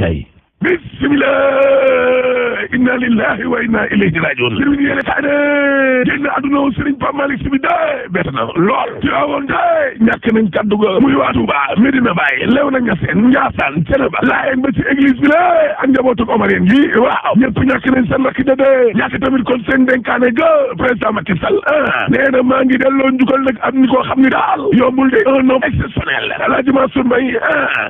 caí. bismillah inna lillahi wa inna ilayhi rajiun sëriñ bi yéene kaane génn àdduna woon sëriñ Pape Malick Sy bi dee bett na lool ci awoon dee ñàkk nañ kaddu ga muy waa Touba Medina Baye lew na Ñaseen Njaasaan Ceneba laayeen ba ci église bi la ak njabootu Omarien yi waaw ñëpp ñàkk nañ seen rakk da dee ñàkk tamit ga président Macky Sall ah nee na maa ngi delloo njukkal nag am ñi koo xam ni daal yombul de un homme exceptionnel El Hadj Mansour Mbaye ah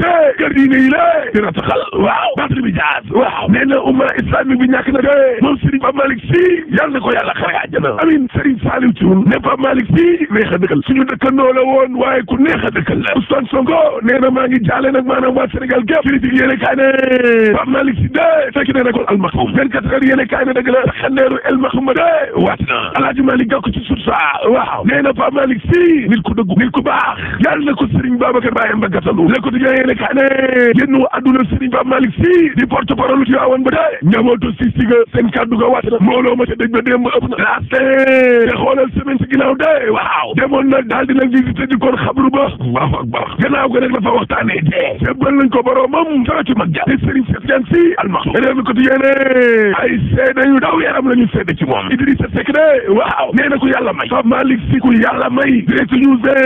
de kër diine yi la dina taxal waaw battre bi jaas waaw nee na umma islamique bi ñàkk na de moom Serigne Pape Malick Sy yal na ko yàlla xare àjjana amin Serigne Saliou Thioune ne Pape Malick Sy neex a dëkkal suñu dëkkandoo la woon waaye ku neex a dëkkal la Ousmane Sonko nee na maa ngi jaale nag maanaam waa Sénégal gépp critique yéene kaay ne Pape Malick Sy de fekk na nekkoon almaxum vingt quatre heures yéene kaay ne dëgg la xandeeru elmaxum de waat na Alaaji Malick Gakou ci sursa waaw nee na Pape Malick Sy nit ku dëggu nit ku baax yal na ko Serigne Babacar Baye Mbagatalu le quotidien yéene kaa ne génnu àdduna Serigne Pape Malick Sy di porte parole ci waawoon ba dee njabootu si si ga seen kàddu ga wàcc na mbooloo ma ca dëj ba démb ëpp na laast te xoolal semaine si ginnaaw de waaw demoon nag daal di nag visité di koon xabru ba waaw ak baax gannaaw ko rek dafa waxtaane dee jébbal nañ ko boroomam dara ci mag ja te Serigne Cheikh Tidiane Sy Al Maktoum réew mi ko di yéene ay seede yu de waaw nee na yàlla may Pape Malick Sy ku yàlla may direct news de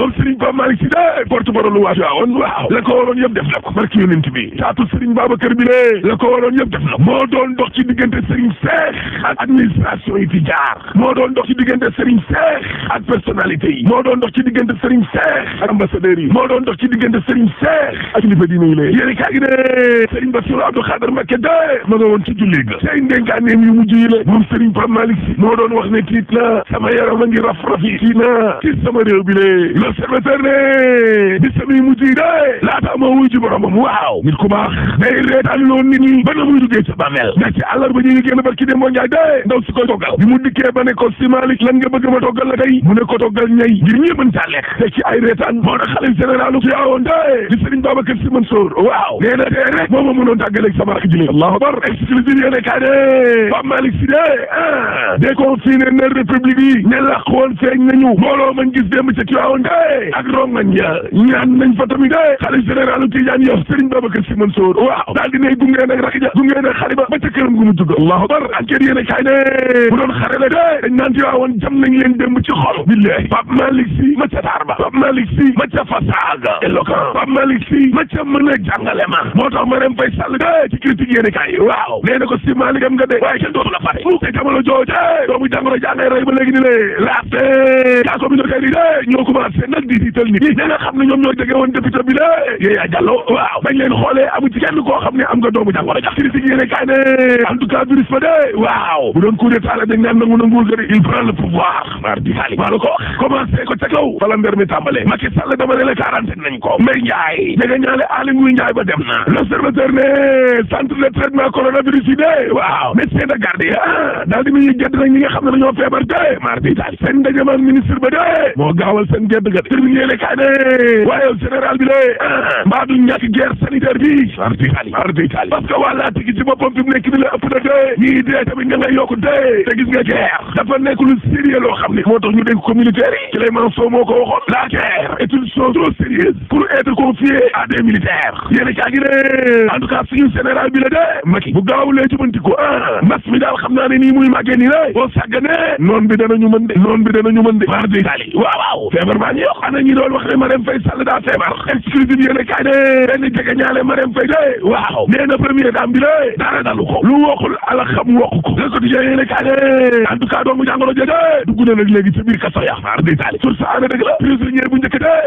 moom Serigne Pape Malick Sy de porte parole waaw waaw la ko waroon yëpp def na ko barki yonent bi taatu Serigne Babacar bi lée la ko waroon yëpp def na moo doon dox ci diggante Serigne Seex ak administration yi fi moo doon dox ci diggante Serigne Seex ak personnalité yi moo doon dox ci diggante Serigne Seex ak ambassadeurs yi moo doon dox ci diggante Serigne Seex ak kilifa diine yi lée yéeni kaa gi ne Serigne Bassirou Abdou Khadre ma nga woon ci julli ga seen dénkaaneem yu mujj yi moo doon wax ne tiit na sama yaram a ngi raf raf yi tiit na ci sama bi lée l'observateur ne bi samay mujj yi de laata moo wuy ji boromam waaw nit ku baax day reetaan loon nit ñi ba na muy duggee sa bàmmeel ndax ci àllar ba ñu ngi génn barki dem boo njaay dee ndaw si koy toggal bi mu dikkee ba ne ko si Malick lan nga bëgg ma toggal la tey mu ne ko toggal ñay ngir ñëpp mën caa lekk ci ay reetaan moo tax xale généralu ci yaawoon dee Serigne Babacar Sy Mansour waaw nee na tey rek mooma mënoon tàggaleeg sama ak jili allahu akbar exclusive yéene kaa de Pape Malick Sy de ah déconfiné na république yi ña làq woon feeñ nañu mbooloo mañ gis démb ca Tiwaawoon de ak rongañ ya ñaan nañ fa tamit de xalif généralu Tijaan yow Serigne Babacar Sy Mansour waaw daal dinay gungee nag rakk ja gungee nag xari ba ba ca këram gu mu tudd allahu akbar enquête yéene kaay de bu doon xare la de dañ naan Tiwaawoon jam nañ leen démb ci xol billahi Pape Malick Sy ma ca taar ba Pape Malick Sy ma ca fasaaga éloquent Pape Malick fii ma ca mën a jàngale ma moo tax Marième Faye Sall ci critique yéen kaay waaw nee na ko si maaligam nga de waaye kenn eh, doomu jàngoro jàngay de ñoo commencé nag di siital nit ñi nga xam ne ñoom ñoo jege woon député bi la Yaya Diallo waaw bañ leen xoolee amu ci kenn koo xam ne am nga doomu jàngoro jax critique yéen kaay ne en tout cas virus ba de waaw bu doon coup d'état la dañ naan nangu na il prend le pouvoir mardi xaali maa la ko wax commencé ko ca jege ñaale Aly Ngouille Ndiaye ba dem na l'observateur ne centre de traitement coronavirus yi de waaw médecin de garde yi ah daal di ñuy gedd nag ñi nga xam ne dañoo feebar de mardi daal seen ndajeem ministre ba de moo gaawal seen gedd ga de tribune yéene kaay ne waaye général bi de ah, mbaa du ñàkk guerre sanitaire bi mardi daal mardi daal parce que wàllaa tigi ci boppam nekk ni la ëpp de ñii dee tamit ña ngay yokku de te nga guerre dafa nekk lu sérieux loo xam ne moo ta ñu dégg ko waxoon la guerre est une chose trop sérieuse pour à des militaires yéena kaa gi ne en tout cas suñu général bi la de Macky bu gaawulee jubanti ko a ah. mas mi daal xam naa ne nii muy màggee nii la boo sàgganee noon bi danañu mën de noon bi danañu mën de mar de Italie waaw waaw feebar baa ngi yokk ana ñi doon wax ne Marème Faye Sall daa feebar de waaw nee na première dame bi la dara lu wokkul ala xam wokku ko le quotidien ne en tout cas doomu jàngoro jege dugg na nag léegi ci biir kaso ya mar de Italie sur ana de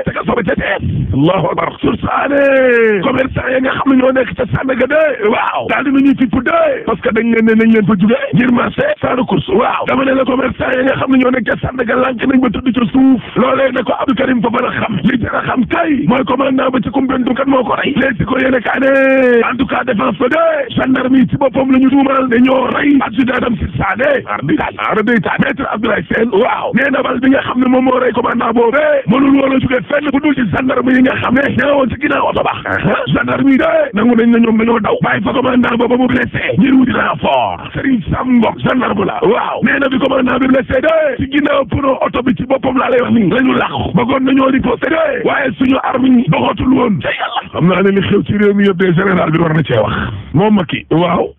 te kaso ba ca tees waane commerçant ya nga xam ne ñoo nekk ca Sandaga de waaw daal dina ñuy fipp de parce que dañ leen ne nañ leen fa jóge ngir marché sans recours waaw dama ne la commerçant ya nga xam ne ñoo nekk ca Sandaga lànk nañ na ko Abdou Karim fa mën a xam li jar a xam kay mooy commandant ba ci Koumpentoum kan moo ko rey léeg si ko yéene kaa ne en tout de gendarme yi ci boppam la ñu tuumal ne ñoo rey adjudant am si saane arbitage arbitage maître Abdoulaye Sène waaw nee na bal bi nga ci na oto ba gendarme yi de nangu nañ na ñoom dañoo daw bàyyi fa commandant ba ba mu blessé ngir wuti renfort Serigne Sam Ngom gendarme la waaw nee na bi commandant bi blessé de ci ginnaaw pono oto bi ci boppam laa lay wax nii la ñu làqu bëggoon nañoo de waaye suñu arme yi woon xam naa ne li xew ci réew mi yëpp de bi war na cee wax moom Macky waaw